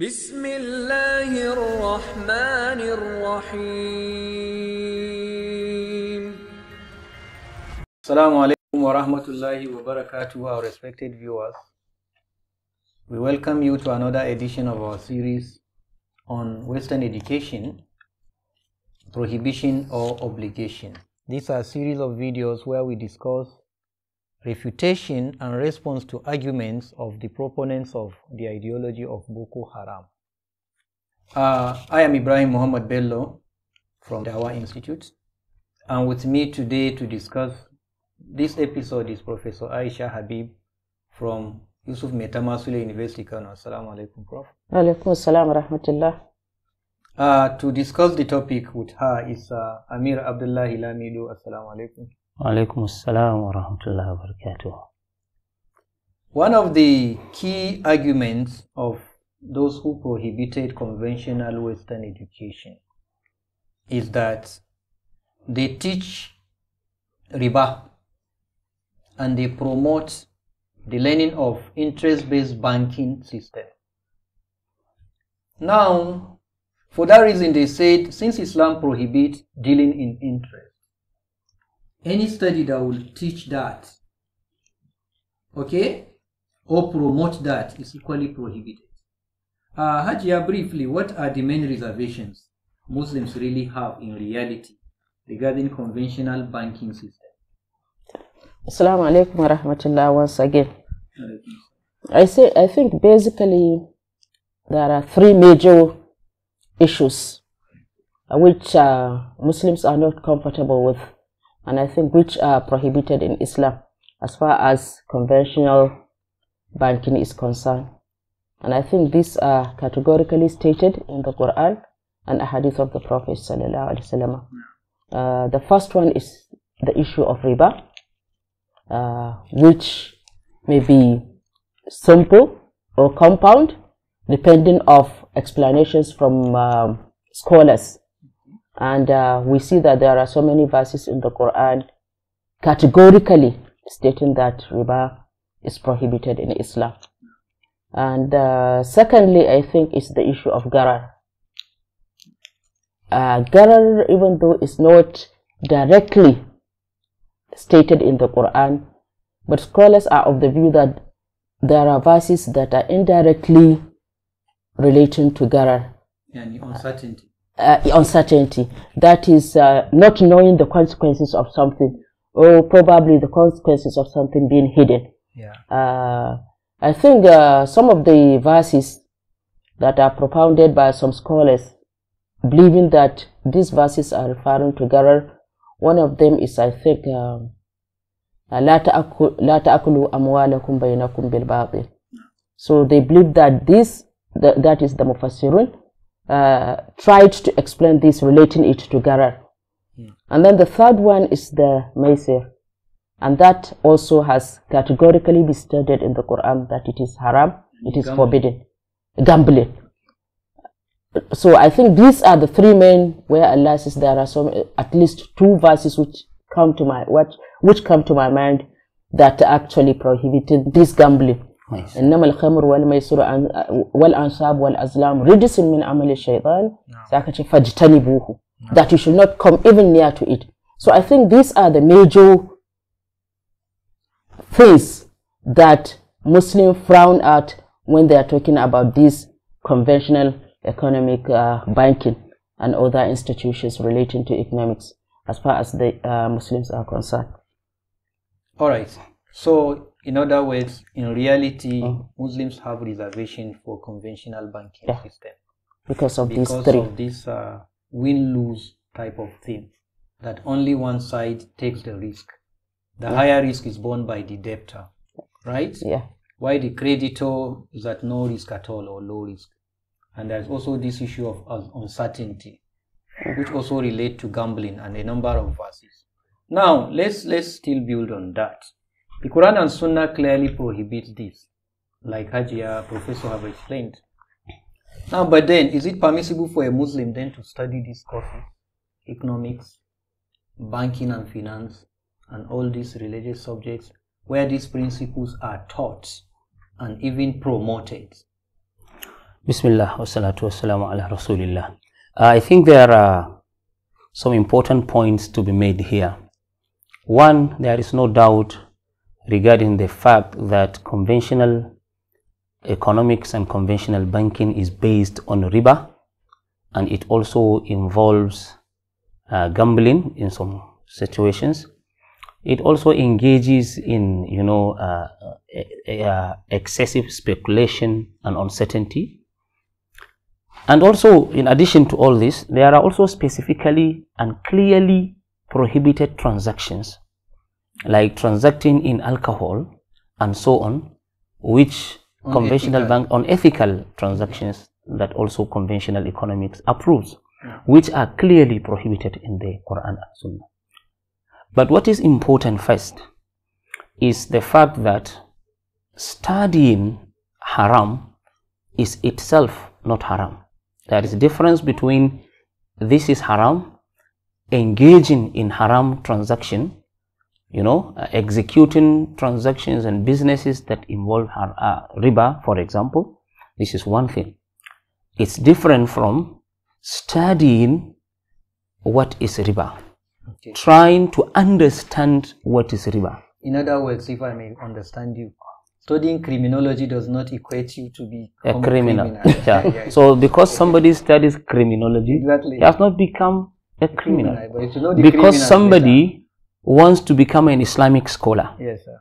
بسم الله الرحمن الرحيم السلام عليكم ورحمة our respected viewers we welcome you to another edition of our series on Western education prohibition or obligation these are a series of videos where we discuss refutation and response to arguments of the proponents of the ideology of Boko Haram. Uh, I am Ibrahim Muhammad Bello from the Dawa Institute, and with me today to discuss this episode is Professor Aisha Habib from Yusuf Metamasule University, Kano. Assalamu alaikum, Prof. Alaikum assalam rahmatullah. Uh, to discuss the topic with her is uh, Amir Abdullah Hilamidu. Assalamu alaikum assalam wa rahmatullahi wa barakatuh. One of the key arguments of those who prohibited conventional Western education is that they teach riba and they promote the learning of interest-based banking system. Now, for that reason, they said since Islam prohibits dealing in interest, any study that will teach that okay or promote that is equally prohibited uh, uh, briefly what are the main reservations Muslims really have in reality regarding conventional banking system Assalamu alaikum wa rahmatullah once again I say I think basically there are three major issues which uh, Muslims are not comfortable with and I think which are prohibited in Islam as far as conventional banking is concerned. And I think these are categorically stated in the Quran and hadith of the Prophet uh, The first one is the issue of riba, uh, which may be simple or compound, depending of explanations from um, scholars and uh, we see that there are so many verses in the Quran categorically stating that riba is prohibited in Islam. And uh, secondly, I think it's the issue of garar. Uh, garar, even though it's not directly stated in the Quran, but scholars are of the view that there are verses that are indirectly relating to garar. Yeah, and uncertainty uh, uncertainty. That is uh, not knowing the consequences of something, or probably the consequences of something being hidden. Yeah. Uh, I think uh, some of the verses that are propounded by some scholars, believing that these verses are referring to Garar, one of them is, I think, لا تأكلوا أموالكم بينكم بالباطل. So they believe that this, th that is the Mufassirun, uh, tried to explain this, relating it to Garar. Yeah. Hmm. And then the third one is the Maisir. And that also has categorically been stated in the Quran that it is haram, it is gambling. forbidden, gambling. So I think these are the three main where Allah says there are some, at least two verses which come to my, which, which come to my mind that actually prohibited this gambling. إنما الخمر والميسر والأنصاب والأزلام رجس من عمل الشيطان فاجتنبوه that you should not come even near to it so I think these are the major things that Muslims frown at when they are talking about this conventional economic uh, banking and other institutions relating to economics as far as the uh, Muslims are concerned. All right. So in other words, in reality, oh. Muslims have reservation for conventional banking yeah. system because of because these three. of this uh, win-lose type of thing that only one side takes the risk. The yeah. higher risk is borne by the debtor, right? Yeah. Why the creditor is at no risk at all or low risk, and there's also this issue of uncertainty, which also relate to gambling and a number of verses. Now let's let's still build on that. The Quran and Sunnah clearly prohibit this, like Hajia uh, Professor have explained. Now, but then, is it permissible for a Muslim then to study these courses, economics, banking and finance, and all these religious subjects, where these principles are taught and even promoted? Bismillah wa salatu ala rasulillah. Uh, I think there are some important points to be made here. One, there is no doubt regarding the fact that conventional economics and conventional banking is based on riba and it also involves uh, gambling in some situations it also engages in you know uh, uh, uh, uh excessive speculation and uncertainty and also in addition to all this there are also specifically and clearly prohibited transactions like transacting in alcohol and so on, which conventional bank unethical transactions that also conventional economics approves, which are clearly prohibited in the Quran and Sunnah. But what is important first is the fact that studying haram is itself not haram. There is a difference between this is haram, engaging in haram transaction, you know uh, executing transactions and businesses that involve uh, riba for example this is one thing it's different from studying what is riba okay. trying to understand what is riba in other words if i may understand you studying criminology does not equate you to be a criminal, criminal. yeah. yeah. so because somebody studies criminology exactly. has not become a criminal, criminal because somebody wants to become an Islamic scholar. Yes, sir.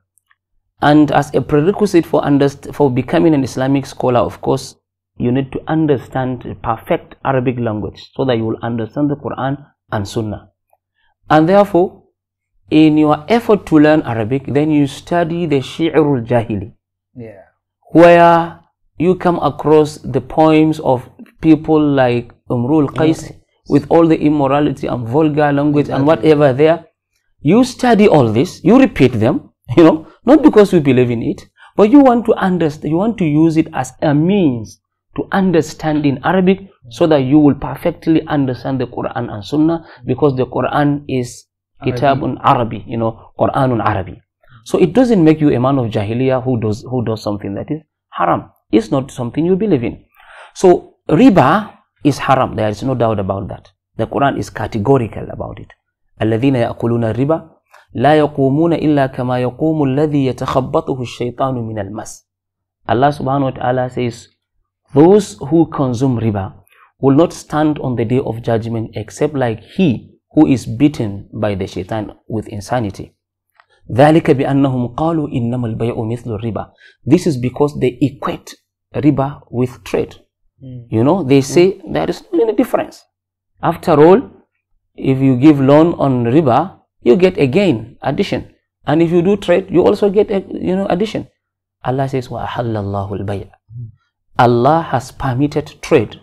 And as a prerequisite for underst- for becoming an Islamic scholar, of course, you need to understand perfect Arabic language so that you will understand the Quran and Sunnah. And therefore, in your effort to learn Arabic, then you study the Shi'rul Jahili. Yeah. Where you come across the poems of people like Umrul Qais yeah. with all the immorality and vulgar language exactly. and whatever there. You study all this, you repeat them, you know, not because you believe in it, but you want to understand, you want to use it as a means to understand in Arabic so that you will perfectly understand the Quran and Sunnah because the Quran is Kitabun Arabi, you know, Quranun Arabi. So it doesn't make you a man of Jahiliyyah who does, who does something that is haram. It's not something you believe in. So riba is haram. There is no doubt about that. The Quran is categorical about it. الذين يأكلون الربا لا يقومون إلا كما يقوم الذي يتخبطه الشيطان من المس Allah subhanahu wa ta'ala says those who consume riba will not stand on the day of judgment except like he who is beaten by the shaitan with insanity ذلك بأنهم قالوا إنما البيع مثل الربا this is because they equate riba with trade mm. you know they say there is no difference after all If you give loan on riba, you get again addition. And if you do trade, you also get a, you know addition. Allah says, "Wa halallahu Allah has permitted trade,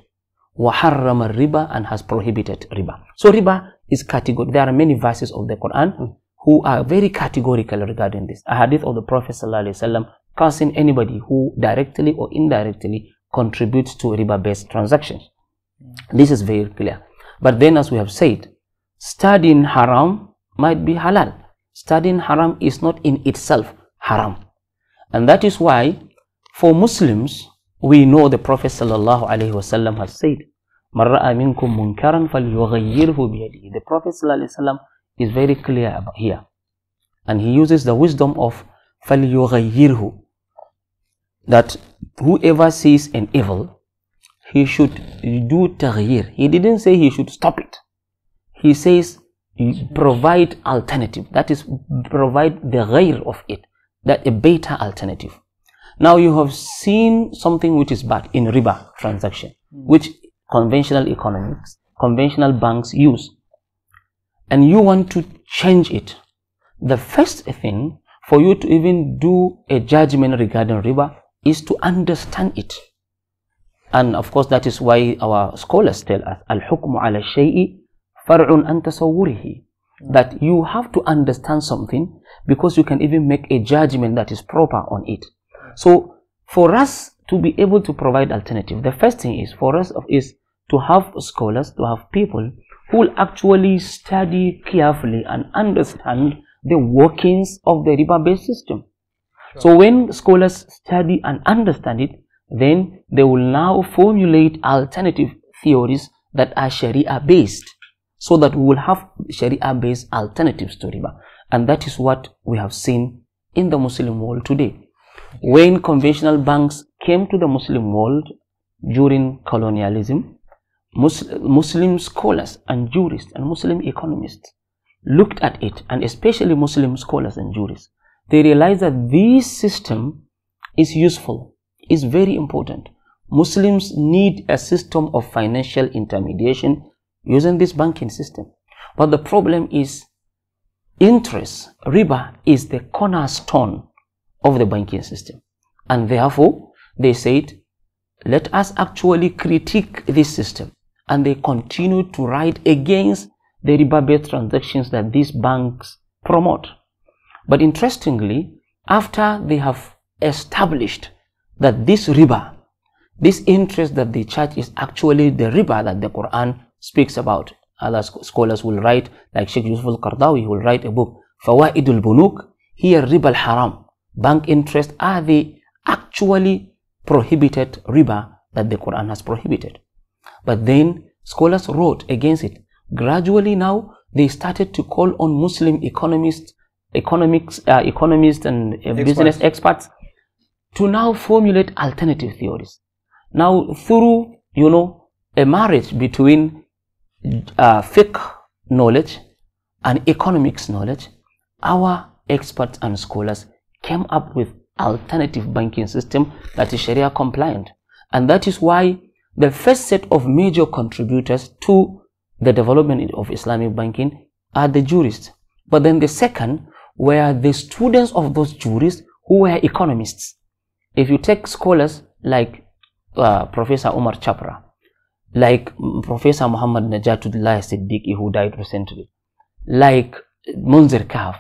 wa riba, and has prohibited riba. So riba is category. There are many verses of the Quran mm. who are very categorical regarding this. A hadith of the Prophet sallallahu cursing anybody who directly or indirectly contributes to riba-based transactions. Mm. This is very clear. But then, as we have said, studying haram might be halal. Studying haram is not in itself haram. And that is why for Muslims, we know the Prophet sallallahu alaihi wasallam has said, "Marra minkum munkaran falyughayyirhu biyadihi." The Prophet sallallahu alaihi wasallam is very clear about here, and he uses the wisdom of falyughayyirhu that whoever sees an evil, he should do taghyir. He didn't say he should stop it he says mm, provide alternative. That is provide the rail of it, that a better alternative. Now you have seen something which is bad in riba transaction, hmm. which conventional economics, conventional banks use. And you want to change it. The first thing for you to even do a judgment regarding riba is to understand it. And of course, that is why our scholars tell us, al-hukmu ala shay'i far'un an tasawwurihi that you have to understand something because you can even make a judgment that is proper on it so for us to be able to provide alternative the first thing is for us is to have scholars to have people who will actually study carefully and understand the workings of the riba-based system sure. so when scholars study and understand it then they will now formulate alternative theories that are sharia based so that we will have Sharia based alternatives to riba. And that is what we have seen in the Muslim world today. When conventional banks came to the Muslim world during colonialism, Muslim scholars and jurists and Muslim economists looked at it, and especially Muslim scholars and jurists, they realized that this system is useful, is very important. Muslims need a system of financial intermediation using this banking system. But the problem is interest, riba, is the cornerstone of the banking system. And therefore, they said, let us actually critique this system. And they continue to write against the riba-based transactions that these banks promote. But interestingly, after they have established that this riba, this interest that they charge is actually the riba that the Quran speaks about. Other scholars will write, like Sheikh Yusuf al-Qardawi will write a book, Fawaidul Bunuk here riba al-haram, bank interest, are the actually prohibited riba that the Quran has prohibited? But then scholars wrote against it. Gradually now, they started to call on Muslim economists, economics, uh, economists and uh, experts. business experts to now formulate alternative theories. Now, through, you know, a marriage between uh, knowledge and economics knowledge, our experts and scholars came up with alternative banking system that is Sharia compliant. And that is why the first set of major contributors to the development of Islamic banking are the jurists. But then the second were the students of those jurists who were economists. If you take scholars like uh, Professor Omar Chapra, like Professor Muhammad Najatullah Siddiqi who died recently, like Munzer Kaf,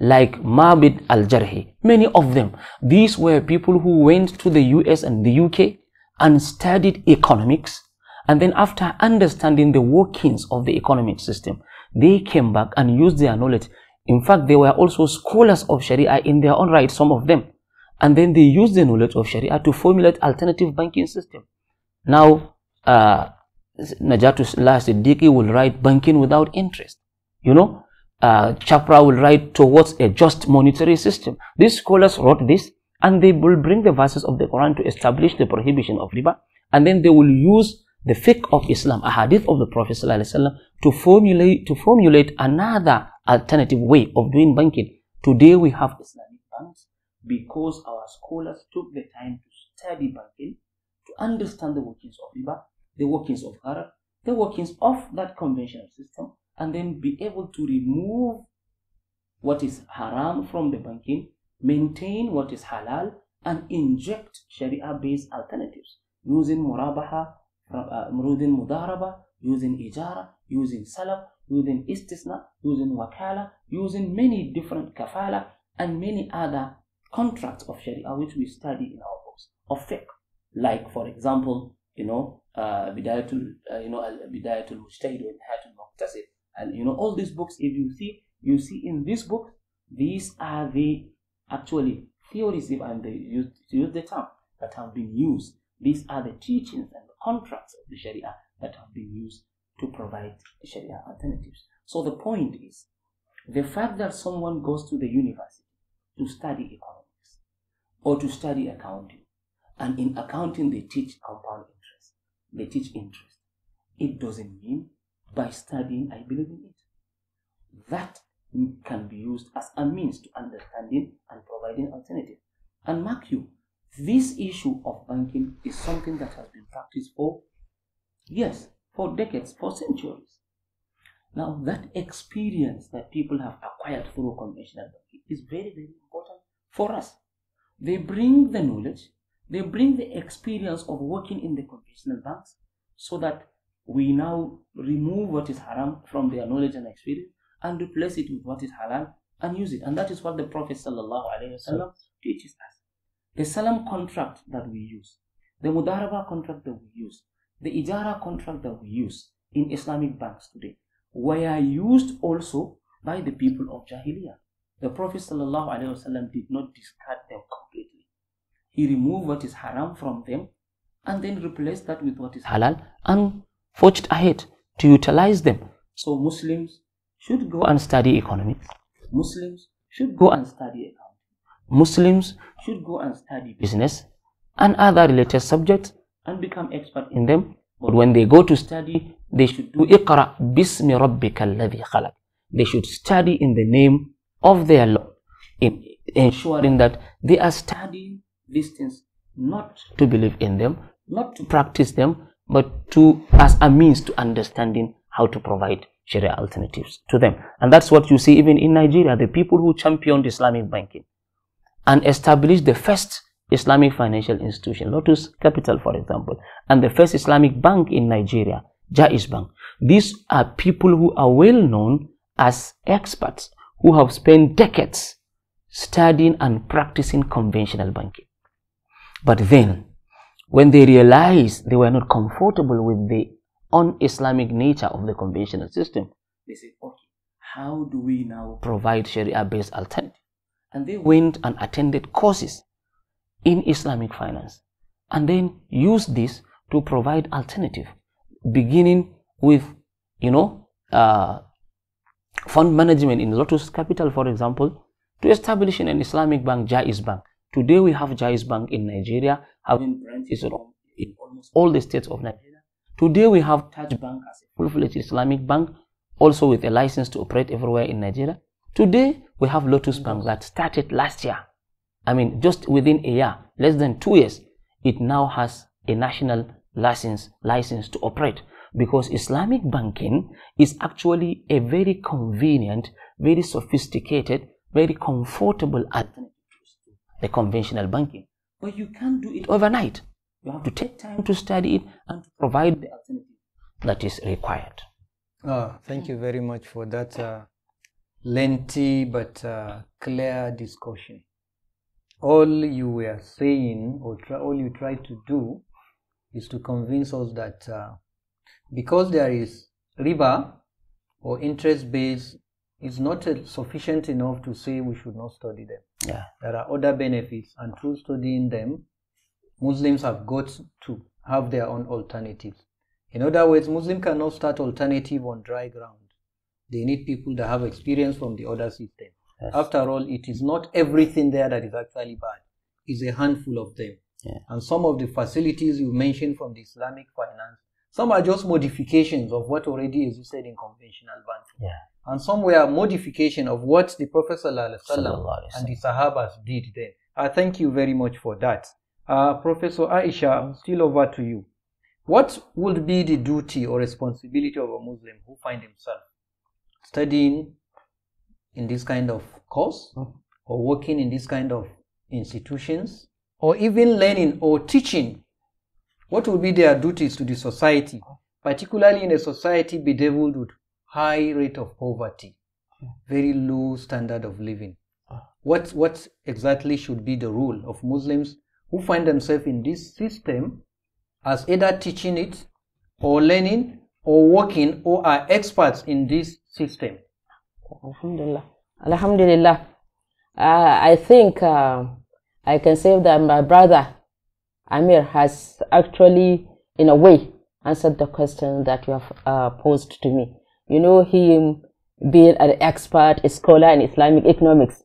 like Mabid Al Jarhi, many of them. These were people who went to the US and the UK and studied economics. And then after understanding the workings of the economic system, they came back and used their knowledge. In fact, they were also scholars of Sharia in their own right, some of them. And then they used the knowledge of Sharia to formulate alternative banking system. Now, uh, Najatullah Siddiqui will write banking without interest. You know, uh, Chapra will write towards a just monetary system. These scholars wrote this and they will bring the verses of the Quran to establish the prohibition of riba and then they will use the fiqh of Islam, a hadith of the Prophet to formulate, to formulate another alternative way of doing banking. Today we have Islamic banks because our scholars took the time to study banking, to understand the workings of riba, the workings of Arab, the workings of that conventional system, and then be able to remove what is haram from the banking, maintain what is halal, and inject Sharia-based alternatives using murabaha, using uh, mudaraba, using ijara, using salaf, using istisna, using wakala, using many different kafala and many other contracts of Sharia which we study in our books of fiqh. Like for example, you know, uh, bidayatul uh, you know bidayatul mujtahid wa nihayatul muqtasid and you know all these books if you see you see in this book these are the actually theories if I'm the, use, use the term that have been used these are the teachings and the contracts of the sharia that have been used to provide sharia alternatives so the point is the fact that someone goes to the university to study economics or to study accounting and in accounting they teach compound they teach interest. It doesn't mean by studying I believe in it. That can be used as a means to understanding and providing alternative. And mark you, this issue of banking is something that has been practiced for yes, for decades, for centuries. Now, that experience that people have acquired through conventional banking is very, very important for us. They bring the knowledge, they bring the experience of working in the conventional banks so that we now remove what is haram from their knowledge and experience and replace it with what is halal and use it. And that is what the Prophet wasallam teaches us. The salam contract that we use, the mudaraba contract that we use, the ijara contract that we use in Islamic banks today were used also by the people of Jahiliyyah. The Prophet ﷺ did not discard them he removed what is haram from them and then replaced that with what is halal and forged ahead to utilize them. So Muslims should go and study economics. Muslims should go and study accounting. Muslims should go and study business and other related subjects and become expert in them. But when they go to study, they should do Iqra bismi rabbika alladhi khalaq. They should study in the name of their Lord, in ensuring that they are studying these things, not to believe in them, not to practice them, but to as a means to understanding how to provide Sharia alternatives to them. And that's what you see even in Nigeria, the people who championed Islamic banking and established the first Islamic financial institution, Lotus Capital, for example, and the first Islamic bank in Nigeria, Jais Bank. These are people who are well known as experts who have spent decades studying and practicing conventional banking. But then, when they realized they were not comfortable with the un-Islamic nature of the conventional system, they said, okay, how do we now provide Sharia-based alternative? And they went and attended courses in Islamic finance and then used this to provide alternative, beginning with, you know, uh, fund management in Lotus Capital, for example, to establishing an Islamic bank, Jais Bank, Today we have Jais Bank in Nigeria having branches in almost all the states of Nigeria. Today we have Taj Bank as a full-fledged Islamic bank, also with a license to operate everywhere in Nigeria. Today we have Lotus Bank that started last year. I mean, just within a year, less than two years, it now has a national license license to operate because Islamic banking is actually a very convenient, very sophisticated, very comfortable alternative the conventional banking. But you can't do it overnight. You have to take time to study it and to provide the alternative that is required. Oh, thank you very much for that uh, lengthy but uh, clear discussion. All you were saying, or all you tried to do, is to convince us that uh, because there is riba or interest base, is not uh, sufficient enough to say we should not study them. Yeah, there are other benefits, and through studying them, Muslims have got to have their own alternatives. In other words, Muslim cannot start alternative on dry ground. They need people that have experience from the other system. Yes. After all, it is not everything there that is actually bad. It's a handful of them. Yeah. And some of the facilities you mentioned from the Islamic finance some are just modifications of what already existed in conventional banking. Yeah. And some were modification of what the Prophet Sallallahu Alaihi and the Sahabas did then. I thank you very much for that. Uh, Professor Aisha, still over to you. What would be the duty or responsibility of a Muslim who finds himself studying in this kind of course hmm. or working in this kind of institutions or even learning or teaching what would be their duties to the society, uh-huh. particularly in a society bedeviled with high rate of poverty, uh-huh. very low standard of living? Uh-huh. What, what exactly should be the role of Muslims who find themselves in this system as either teaching it or learning or working or are experts in this system? Alhamdulillah. Alhamdulillah. Uh, I think uh, I can say that my brother Amir has actually, in a way, answered the question that you have uh, posed to me. You know, him being an expert, a scholar in Islamic economics.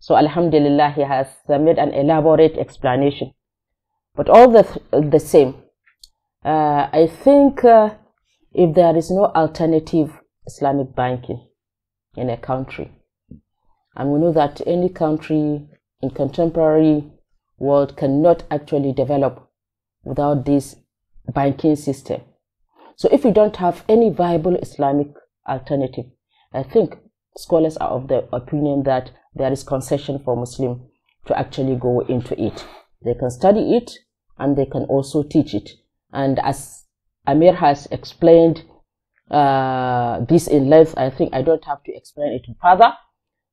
So, Alhamdulillah, he has made an elaborate explanation. But all the, th the same, uh, I think uh, if there is no alternative Islamic banking in a country, and we know that any country in contemporary world cannot actually develop without this banking system. So if we don't have any viable Islamic alternative, I think scholars are of the opinion that there is concession for Muslim to actually go into it. They can study it and they can also teach it. And as Amir has explained uh, this in length, I think I don't have to explain it further.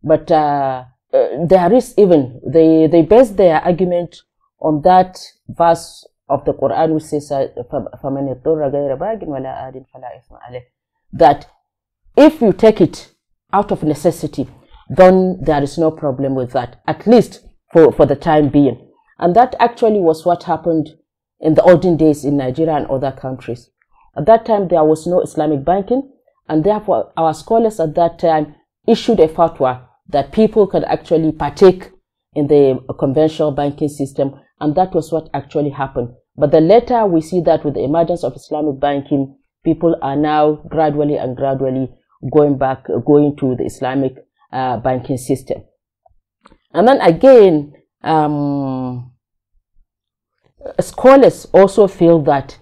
But uh, uh, there is even they they base their argument on that verse of the Quran which says uh, that if you take it out of necessity then there is no problem with that at least for for the time being and that actually was what happened in the olden days in Nigeria and other countries at that time there was no Islamic banking and therefore our scholars at that time issued a fatwa that people could actually partake in the conventional banking system. And that was what actually happened. But the later we see that with the emergence of Islamic banking, people are now gradually and gradually going back, going to the Islamic uh, banking system. And then again, um, scholars also feel that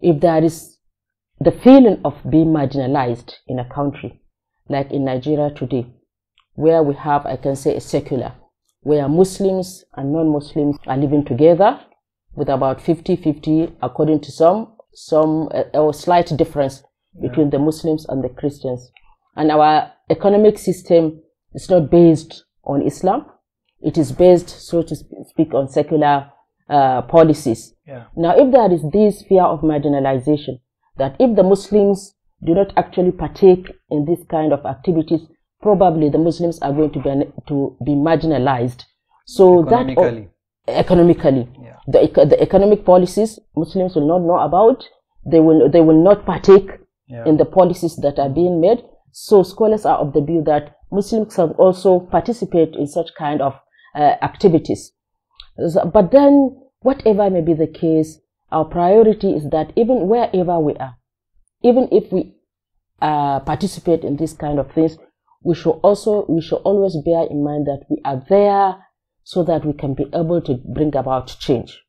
if there is the feeling of being marginalized in a country, like in Nigeria today, where we have, I can say, a secular, where Muslims and non-Muslims are living together with about 50-50, according to some, some uh, or slight difference yeah. between the Muslims and the Christians. And our economic system is not based on Islam. It is based, so to speak, on secular uh, policies. Yeah. Now, if there is this fear of marginalization, that if the Muslims do not actually partake in this kind of activities, probably the Muslims are going to be, to be marginalized. So that oh, economically, yeah. the, the economic policies Muslims will not know about. They will they will not partake yeah. in the policies that are being made. So scholars are of the view that Muslims have also participate in such kind of uh, activities. But then, whatever may be the case, our priority is that even wherever we are, even if we uh, participate in these kind of things, we should also we should always bear in mind that we are there so that we can be able to bring about change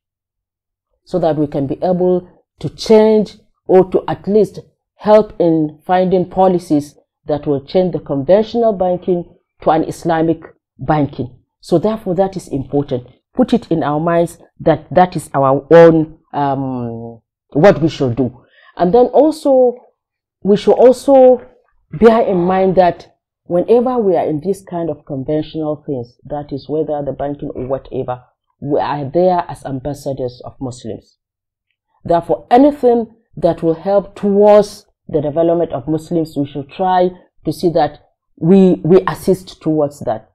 so that we can be able to change or to at least help in finding policies that will change the conventional banking to an islamic banking so therefore that is important put it in our minds that that is our own um, what we should do and then also we should also bear in mind that whenever we are in this kind of conventional things, that is whether the banking or whatever, we are there as ambassadors of Muslims. Therefore, anything that will help towards the development of Muslims, we should try to see that we, we assist towards that.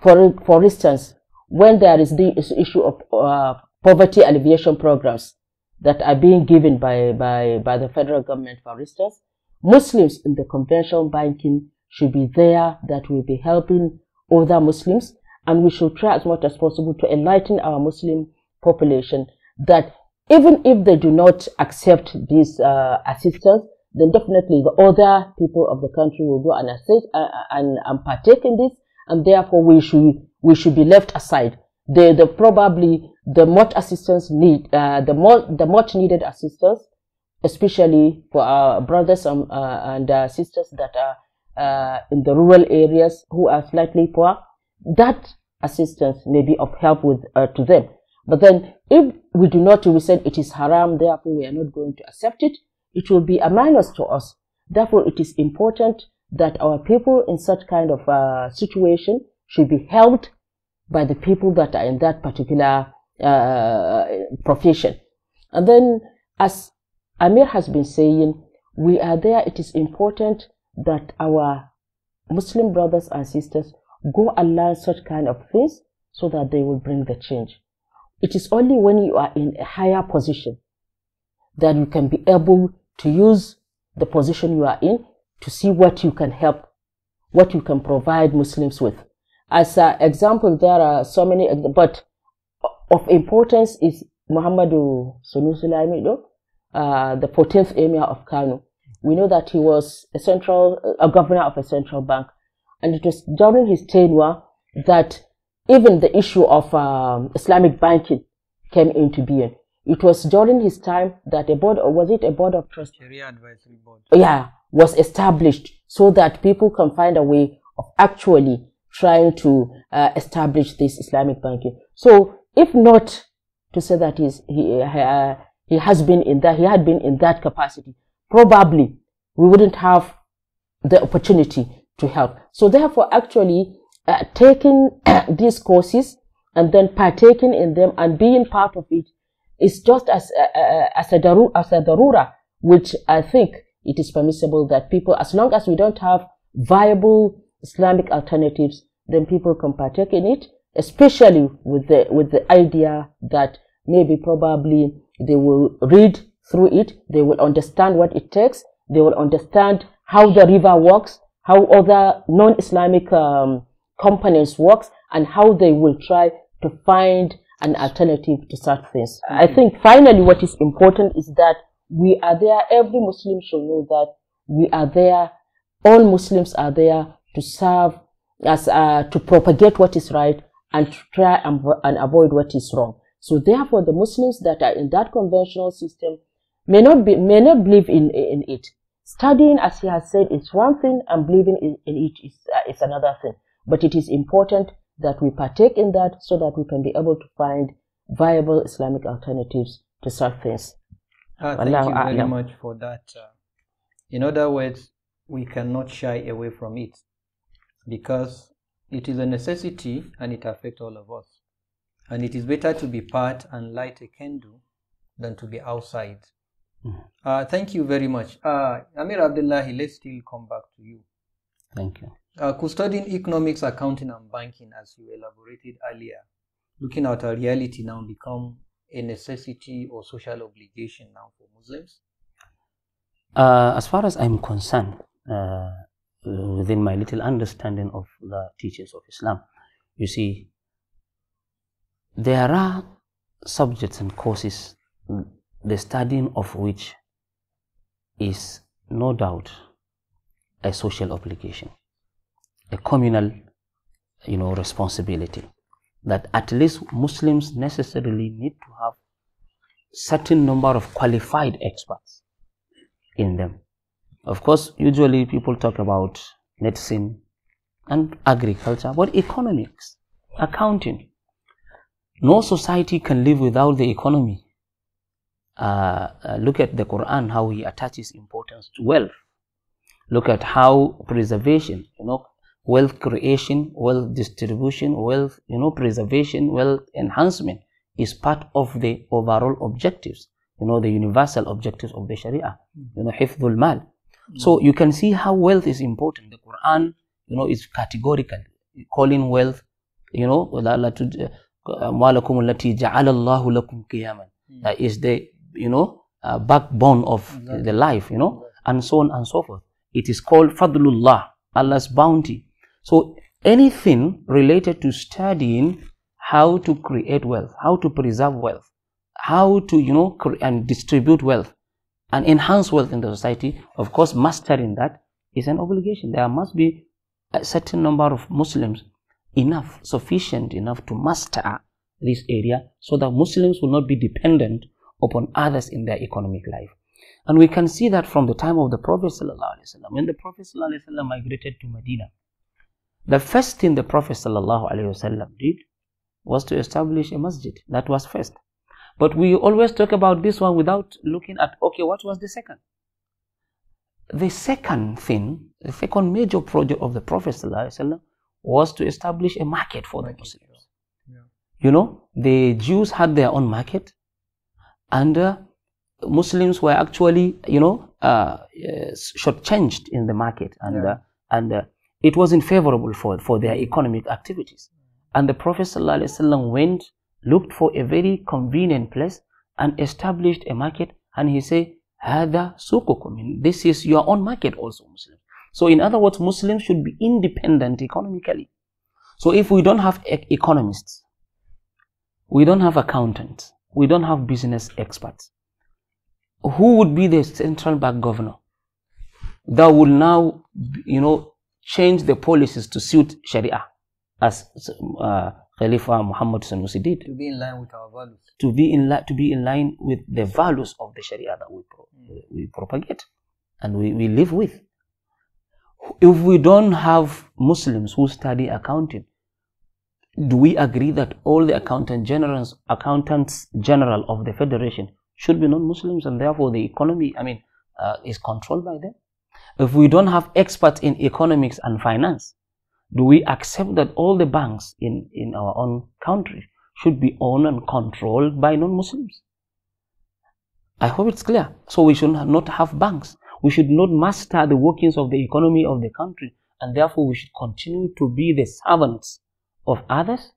For, for instance, when there is the issue of uh, poverty alleviation programs that are being given by, by, by the federal government, for instance, Muslims in the conventional banking should be there that will be helping other Muslims. And we should try as much as possible to enlighten our Muslim population that even if they do not accept this uh, assistance, then definitely the other people of the country will go and assist uh, and, and partake in this. And therefore, we should we should be left aside. The, the probably the much assistance need uh, the more the much needed assistance especially for our brothers and, uh, and uh, sisters that are uh, in the rural areas who are slightly poor, that assistance may be of help with uh, to them. But then, if we do not, we said it is haram, therefore we are not going to accept it. It will be a minus to us. Therefore, it is important that our people in such kind of uh, situation should be helped by the people that are in that particular uh, profession. And then, as Amir has been saying, we are there. It is important that our Muslim brothers and sisters go and learn such kind of things so that they will bring the change. It is only when you are in a higher position that you can be able to use the position you are in to see what you can help, what you can provide Muslims with. As an example, there are so many, but of importance is Muhammadu Sunusi Lamido, uh, the 14th Emir of Kano we know that he was a central, a governor of a central bank. And it was during his tenure that even the issue of um, Islamic banking came into being. It was during his time that a board, or was it a board of trust? Sharia Advisory Board. Yeah, was established so that people can find a way of actually trying to uh, establish this Islamic banking. So, if not to say that he's, he, uh, he has been in that, he had been in that capacity, probably we wouldn't have the opportunity to help. So therefore, actually uh, taking these courses and then partaking in them and being part of it is just as uh, uh, uh, as a daru- as a darura, which I think it is permissible that people, as long as we don't have viable Islamic alternatives, then people can partake in it, especially with the with the idea that maybe probably they will read through it. They will understand what it takes. They will understand how the river works, how other non-Islamic um, components works, and how they will try to find an alternative to such things. Mm -hmm. I mm-hmm. think finally what is important is that we are there, every Muslim should know that we are there, all Muslims are there to serve as uh, to propagate what is right and to try and, and avoid what is wrong. So therefore the Muslims that are in that conventional system may not be may not believe in in it. Studying, as he has said, is one thing, and believing in, in it is uh, is another thing. But it is important that we partake in that so that we can be able to find viable Islamic alternatives to such things. Uh, thank Allah, you very much for that. Uh, in other words, we cannot shy away from it because it is a necessity and it affects all of us. And it is better to be part and light a candle than to be outside uh, thank you very much. Uh, Amir Abdullahi, let's still come back to you. Thank you. Uh, custodian economics, accounting, and banking, as you elaborated earlier, looking at a reality now become a necessity or social obligation now for Muslims? Uh, as far as I'm concerned, uh, within my little understanding of the teachings of Islam, you see, there are subjects and courses the studying of which is no doubt a social obligation, a communal, you know, responsibility that at least Muslims necessarily need to have certain number of qualified experts in them. Of course, usually people talk about medicine and agriculture, but economics, accounting. No society can live without the economy. Uh, uh, look at the Quran, how he attaches importance to wealth. Look at how preservation, you know, wealth creation, wealth distribution, wealth, you know, preservation, wealth enhancement is part of the overall objectives, you know, the universal objectives of the Sharia, you know, hifdhul mal. So mm. you can see how wealth is important. The Quran, you know, is categorical, calling wealth, you know, وَلَكُمُ الَّتِي جَعَلَ اللَّهُ لَكُمْ That is the you know, uh, backbone of exactly. the life, you know, and so on and so forth. It is called Fadlullah, Allah's bounty. So anything related to studying how to create wealth, how to preserve wealth, how to, you know, and distribute wealth and enhance wealth in the society, of course, mastering that is an obligation. There must be a certain number of Muslims enough, sufficient enough to master this area so that Muslims will not be dependent upon others in their economic life. And we can see that from the time of the Prophet ﷺ, when the Prophet migrated to Medina, the first thing the Prophet did was to establish a masjid. That was first. But we always talk about this one without looking at, okay, what was the second? The second thing, the second major project of the Prophet was to establish a market for the Muslims. Yeah. You know, the Jews had their own market, and uh, Muslims were actually, you know, uh, uh shortchanged in the market, and yeah. Uh, and uh, it wasn't favorable for for their economic activities. And the Prophet Wasallam went, looked for a very convenient place, and established a market. And he said, "Hada sukukum." This is your own market, also, Muslims. So, in other words, Muslims should be independent economically. So, if we don't have economists, we don't have accountants, we don't have business experts. Who would be the central bank governor that will now, you know, change the policies to suit Sharia, as uh, Khalifa Muhammad Sanusi did? To be in line with our values. To be in li- to be in line with the values of the Sharia that we pro- mm. we propagate and we, we live with. If we don't have Muslims who study accounting, do we agree that all the accountant generals, accountants general of the federation should be non-Muslims and therefore the economy, I mean, uh, is controlled by them? If we don't have experts in economics and finance, do we accept that all the banks in, in our own country should be owned and controlled by non-Muslims? I hope it's clear. So we should not have banks. We should not master the workings of the economy of the country and therefore we should continue to be the servants of others,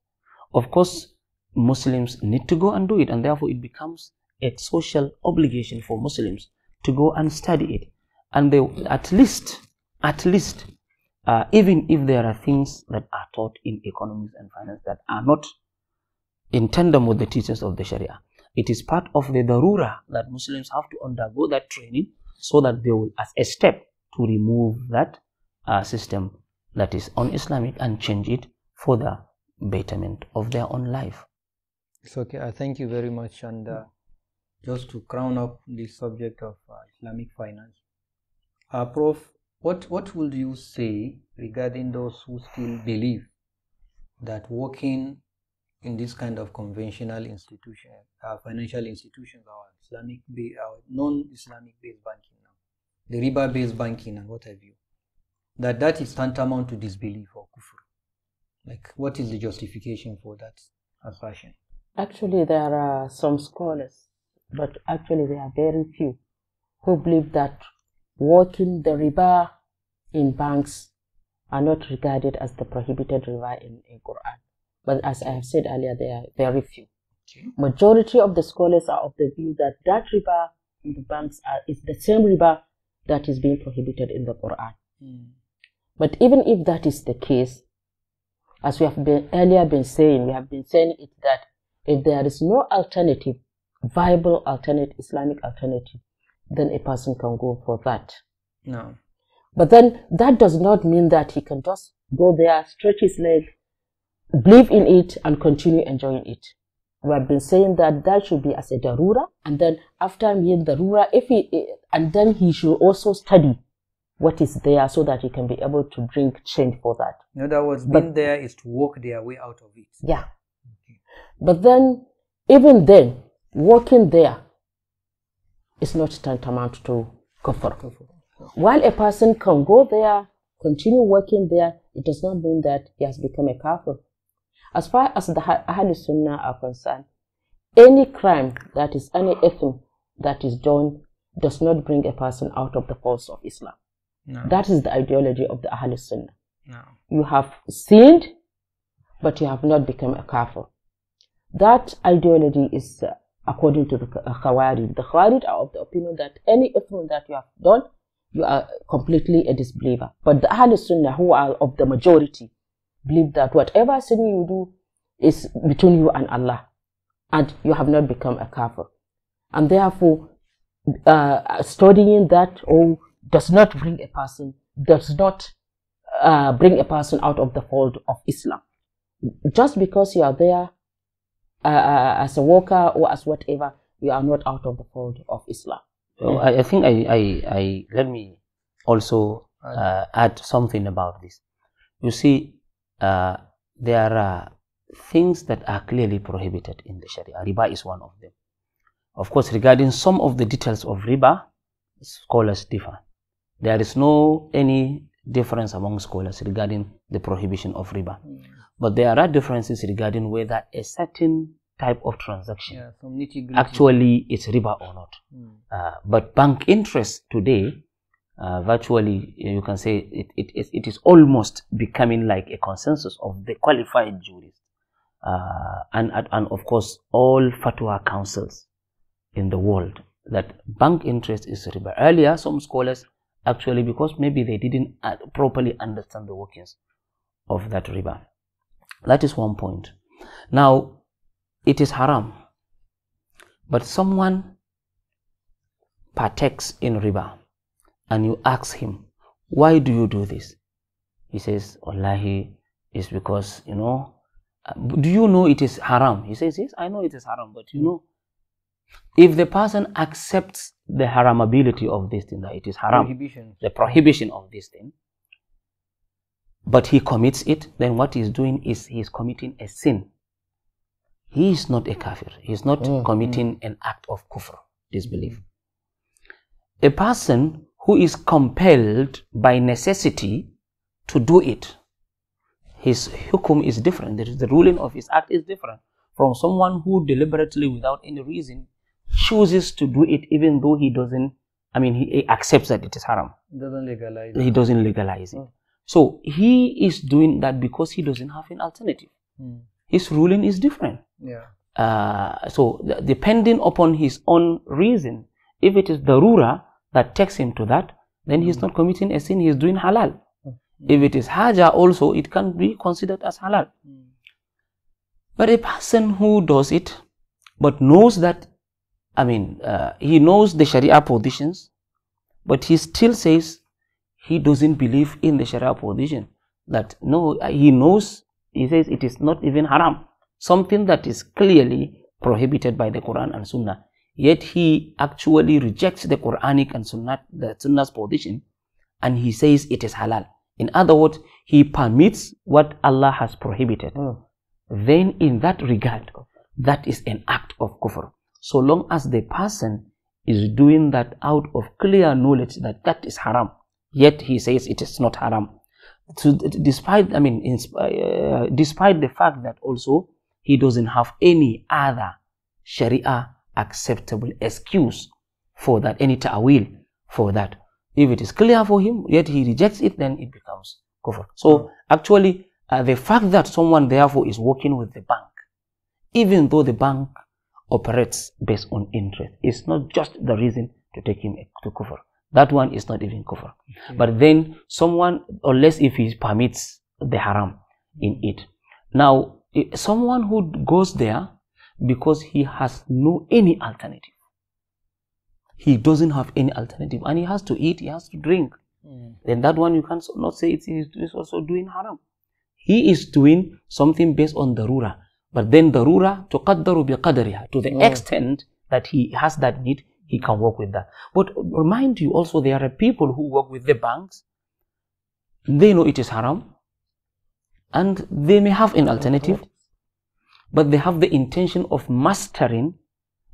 of course, Muslims need to go and do it, and therefore it becomes a social obligation for Muslims to go and study it. And they, at least, at least, uh, even if there are things that are taught in economics and finance that are not in tandem with the teachings of the Sharia, it is part of the darura that Muslims have to undergo that training so that they will, as a step, to remove that uh, system that is un-Islamic and change it for the betterment of their own life. It's okay. I thank you very much. And uh, just to crown up the subject of uh, Islamic finance, uh, Prof, what, what would you say regarding those who still believe that working in this kind of conventional institution, uh, financial institutions, our Islamic, our non-Islamic based banking now, the riba-based banking and what have you, that that is tantamount to disbelief or kufr. Like, what is the justification for that assertion? Actually, there are some scholars, but actually, there are very few who believe that walking the river in banks are not regarded as the prohibited river in, in Quran. But as I have said earlier, there are very few. Okay. Majority of the scholars are of the view that that river in the banks are, is the same river that is being prohibited in the Quran. Mm. But even if that is the case, as we have been earlier been saying, we have been saying it that if there is no alternative, viable alternative, Islamic alternative, then a person can go for that. No. But then that does not mean that he can just go there, stretch his leg, believe in it, and continue enjoying it. We have been saying that that should be as a darura, and then after being darura, if he and then he should also study what is there so that you can be able to bring change for that. In other words, but, being there is to work their way out of it. Yeah. But then, even then, working there is not tantamount to kufr. While a person can go there, continue working there, it does not mean that he has become a kafir. As far as the Ahl Sunnah are concerned, any crime that is any ethm that is done does not bring a person out of the force of Islam. No. That is the ideology of the Ahl Sunnah. No. You have sinned, but you have not become a kafir. That ideology is uh, according to the Khawarij. The Khawarij are of the opinion that any effort that you have done, you are completely a disbeliever. But the Ahl Sunnah, who are of the majority, believe that whatever sin you do is between you and Allah, and you have not become a kafir. And therefore, uh, studying that or oh, does not bring a person, does not uh, bring a person out of the fold of Islam. Just because you are there uh, uh as a worker or as whatever, you are not out of the fold of Islam. I, I think I, I, I, let me also uh, add something about this. You see, uh, there are things that are clearly prohibited in the Sharia. Riba is one of them. Of course, regarding some of the details of riba, scholars differ. There is no any difference among scholars regarding the prohibition of riba. Mm. But there are differences regarding whether a certain type of transaction yeah, actually is riba or not. Mm. Uh, but bank interest today, uh, virtually, uh, you can say it, it, it is almost becoming like a consensus of the qualified jurists. Uh, and, and of course, all fatwa councils in the world that bank interest is riba. Earlier, some scholars actually because maybe they didn't uh, properly understand the workings of that riba. That is one point. Now, it is haram, but someone partakes in riba and you ask him, why do you do this? He says, Wallahi, it's because, you know, uh, do you know it is haram? He says, yes, I know it is haram, but you know, if the person accepts the haramability of this thing, that it is haram, prohibition. the prohibition of this thing, but he commits it, then what he's doing is he's committing a sin. He is not a kafir. He's not mm-hmm. committing an act of kufr, disbelief. A person who is compelled by necessity to do it, his hukum is different. The ruling of his act is different from someone who deliberately, without any reason, chooses to do it even though he doesn't i mean he, he accepts that it is haram doesn't legalize he doesn't legalize it oh. so he is doing that because he doesn't have an alternative mm. his ruling is different yeah uh, so th- depending upon his own reason if it is the ruler that takes him to that then he's mm. not committing a sin he's doing halal mm. if it is haja also it can be considered as halal hmm. but a person who does it but knows that I mean, uh, he knows the Sharia positions, but he still says he doesn't believe in the Sharia position. That no, uh, he knows, he says it is not even haram, something that is clearly prohibited by the Quran and Sunnah. Yet he actually rejects the Quranic and Sunnah, the Sunnah's position, and he says it is halal. In other words, he permits what Allah has prohibited. Mm. Then, in that regard, that is an act of kufr so long as the person is doing that out of clear knowledge that that is haram yet he says it is not haram so despite i mean uh, despite the fact that also he doesn't have any other sharia acceptable excuse for that any ta'wil for that if it is clear for him yet he rejects it then it becomes kufr so hmm. actually uh, the fact that someone therefore is working with the bank even though the bank operates based on interest. It's not just the reason to take him to kufr. That one is not even kufr. But then someone, unless if he permits the haram in it. Now, someone who goes there because he has no any alternative. He doesn't have any alternative and he has to eat, he has to drink. Mm. Then that one you can not say it is also doing haram. He is doing something based on the ruler. But then the rura tuqaddaru biqadariha. To the mm. extent that he has that need, he can work with that. But remind you also, there are people who work with the banks. They know it is haram. And they may have an alternative. But they have the intention of mastering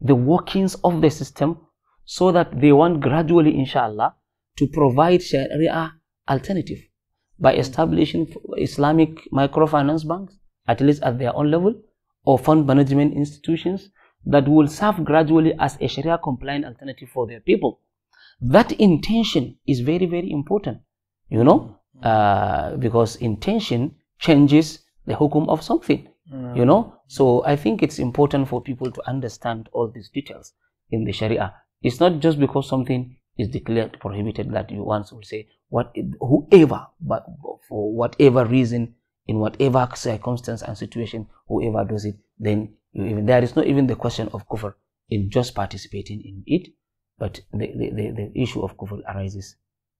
the workings of the system so that they want gradually, inshallah, to provide Sharia alternative by mm. establishing Islamic microfinance banks, at least at their own level, or fund management institutions that will serve gradually as a Sharia compliant alternative for their people. That intention is very, very important, you know, mm. uh, because intention changes the hukum of something, mm. you know. So I think it's important for people to understand all these details in the Sharia. It's not just because something is declared prohibited that you once will say, what, whoever, but for whatever reason in whatever circumstance and situation, whoever does it, then even, there is not even the question of kufr in just participating in it, but the, the, the, the issue of kufr arises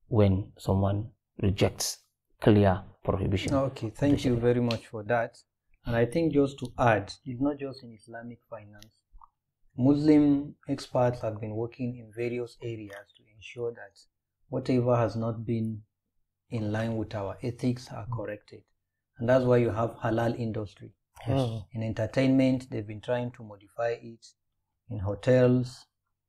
when someone rejects clear prohibition. Okay, thank you very much for that. And I think just to add, it's not just in Islamic finance. Muslim experts have been working in various areas to ensure that whatever has not been in line with our ethics are corrected. And that's why you have halal industry. Yes. Hmm. In entertainment, they've been trying to modify it in hotels,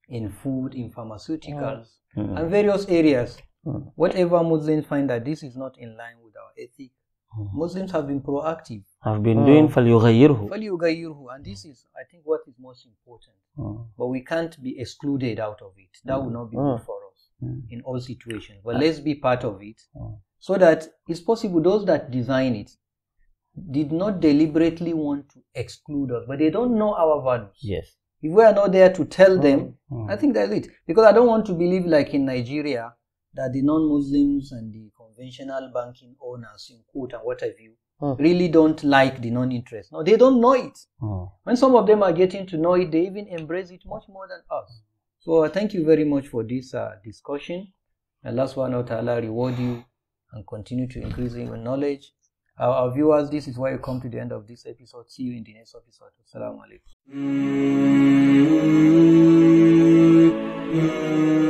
in food, in pharmaceuticals, mm. and various areas. Mm. Whatever Muslims find that this is not in line with our ethic, mm. Muslims have been proactive. Have been mm. doing فَلْيُغَيِّرْهُ فَلْيُغَيِّرْهُ And this is, I think, what is most important. Hmm. But we can't be excluded out of it. That will not be good for us in all situations. But ah. let's be part of it so that it's possible those that design it did not deliberately want to exclude us, but they don't know our values. Yes. If we are not there to tell them, mm-hmm. I think that's it. Because I don't want to believe, like in Nigeria, that the non Muslims and the conventional banking owners, in quote and what have you, mm-hmm. really don't like the non interest. No, they don't know it. Mm-hmm. When some of them are getting to know it, they even embrace it much more than us. So uh, thank you very much for this uh, discussion. last one, wa Allah reward you and continue to increase your knowledge. Our, our viewers, this is why you come to the end of this episode. See you in the next episode. Assalamu alaikum. Mm-hmm.